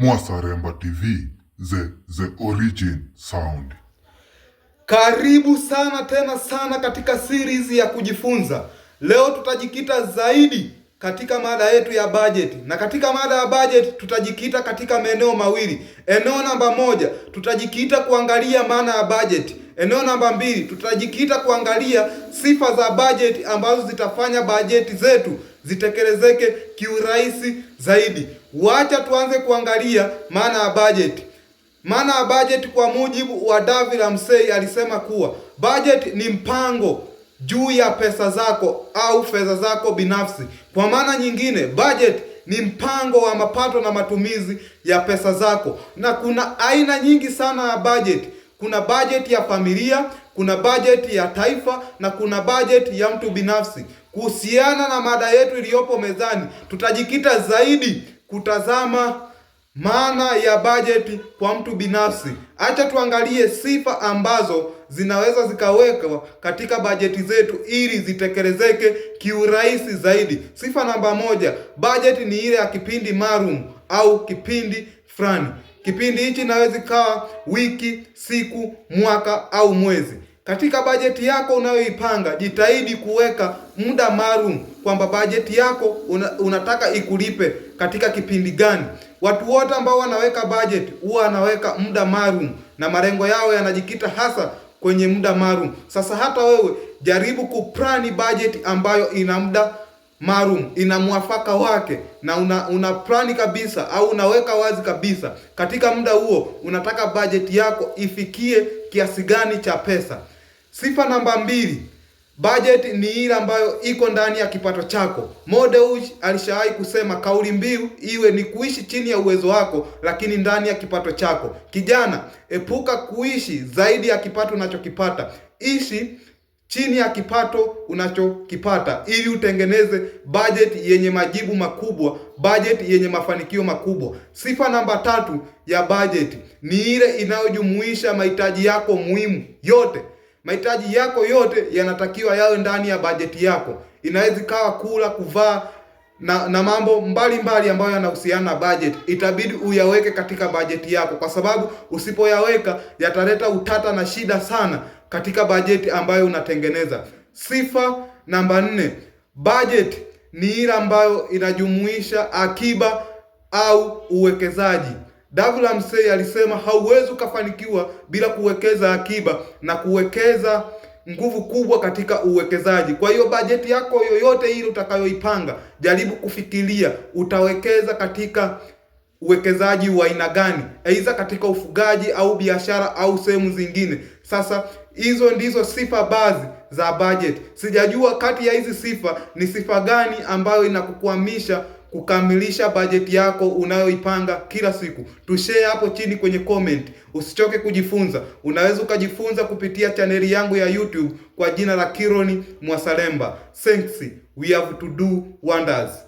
Mwasaremba TV the, the origin sound. Karibu sana tena sana katika series ya kujifunza. Leo tutajikita zaidi katika mada yetu ya budget. na katika mada ya budget tutajikita katika maeneo mawili. Eneo namba moja tutajikita kuangalia maana ya budget. Eneo namba mbili tutajikita kuangalia sifa za budget ambazo zitafanya bajeti zetu zitekelezeke kiurahisi zaidi. Wacha tuanze kuangalia maana ya bajeti. Maana ya bajeti kwa mujibu wa David Ramsey alisema kuwa bajeti ni mpango juu ya pesa zako au fedha zako binafsi. Kwa maana nyingine, bajeti ni mpango wa mapato na matumizi ya pesa zako, na kuna aina nyingi sana ya bajeti. Kuna bajeti ya familia, kuna bajeti ya taifa na kuna bajeti ya mtu binafsi. Kuhusiana na mada yetu iliyopo mezani, tutajikita zaidi kutazama maana ya bajeti kwa mtu binafsi. Acha tuangalie sifa ambazo zinaweza zikawekwa katika bajeti zetu ili zitekelezeke kiurahisi zaidi. Sifa namba moja, bajeti ni ile ya kipindi maalum au kipindi fulani. Kipindi hichi inaweza ikawa wiki, siku, mwaka au mwezi. Katika bajeti yako unayoipanga jitahidi kuweka muda maalum kwamba bajeti yako una, unataka ikulipe katika kipindi gani. Watu wote ambao wanaweka bajeti huwa wanaweka muda maalum na malengo yao yanajikita hasa kwenye muda maalum. Sasa hata wewe jaribu kuplani bajeti ambayo ina muda maalum, ina mwafaka wake na una, una plani kabisa au unaweka wazi kabisa katika muda huo unataka bajeti yako ifikie kiasi gani cha pesa. Sifa namba mbili, budget ni ile ambayo iko ndani ya kipato chako. Modeuch alishawahi kusema kauli mbiu iwe ni kuishi chini ya uwezo wako, lakini ndani ya kipato chako. Kijana, epuka kuishi zaidi ya kipato unachokipata. Ishi chini ya kipato unachokipata ili utengeneze budget yenye majibu makubwa, budget yenye mafanikio makubwa. Sifa namba tatu ya budget ni ile inayojumuisha mahitaji yako muhimu yote. Mahitaji yako yote yanatakiwa yawe ndani ya bajeti yako. Inaweza ikawa kula, kuvaa na, na mambo mbalimbali mbali ambayo yanahusiana na budget, itabidi uyaweke katika bajeti yako, kwa sababu usipoyaweka yataleta utata na shida sana katika bajeti ambayo unatengeneza. Sifa namba nne, bajeti ni ile ambayo inajumuisha akiba au uwekezaji. David Msei alisema hauwezi ukafanikiwa bila kuwekeza akiba na kuwekeza nguvu kubwa katika uwekezaji. Kwa hiyo bajeti yako yoyote ile utakayoipanga, jaribu kufikiria utawekeza katika uwekezaji wa aina gani, aidha katika ufugaji au biashara au sehemu zingine. Sasa hizo ndizo sifa baadhi za bajeti. Sijajua kati ya hizi sifa ni sifa gani ambayo inakukwamisha kukamilisha bajeti yako unayoipanga kila siku. Tushare hapo chini kwenye comment. Usichoke kujifunza. Unaweza ukajifunza kupitia chaneli yangu ya YouTube kwa jina la Kironi Mwasalemba. Thanks. We have to do wonders.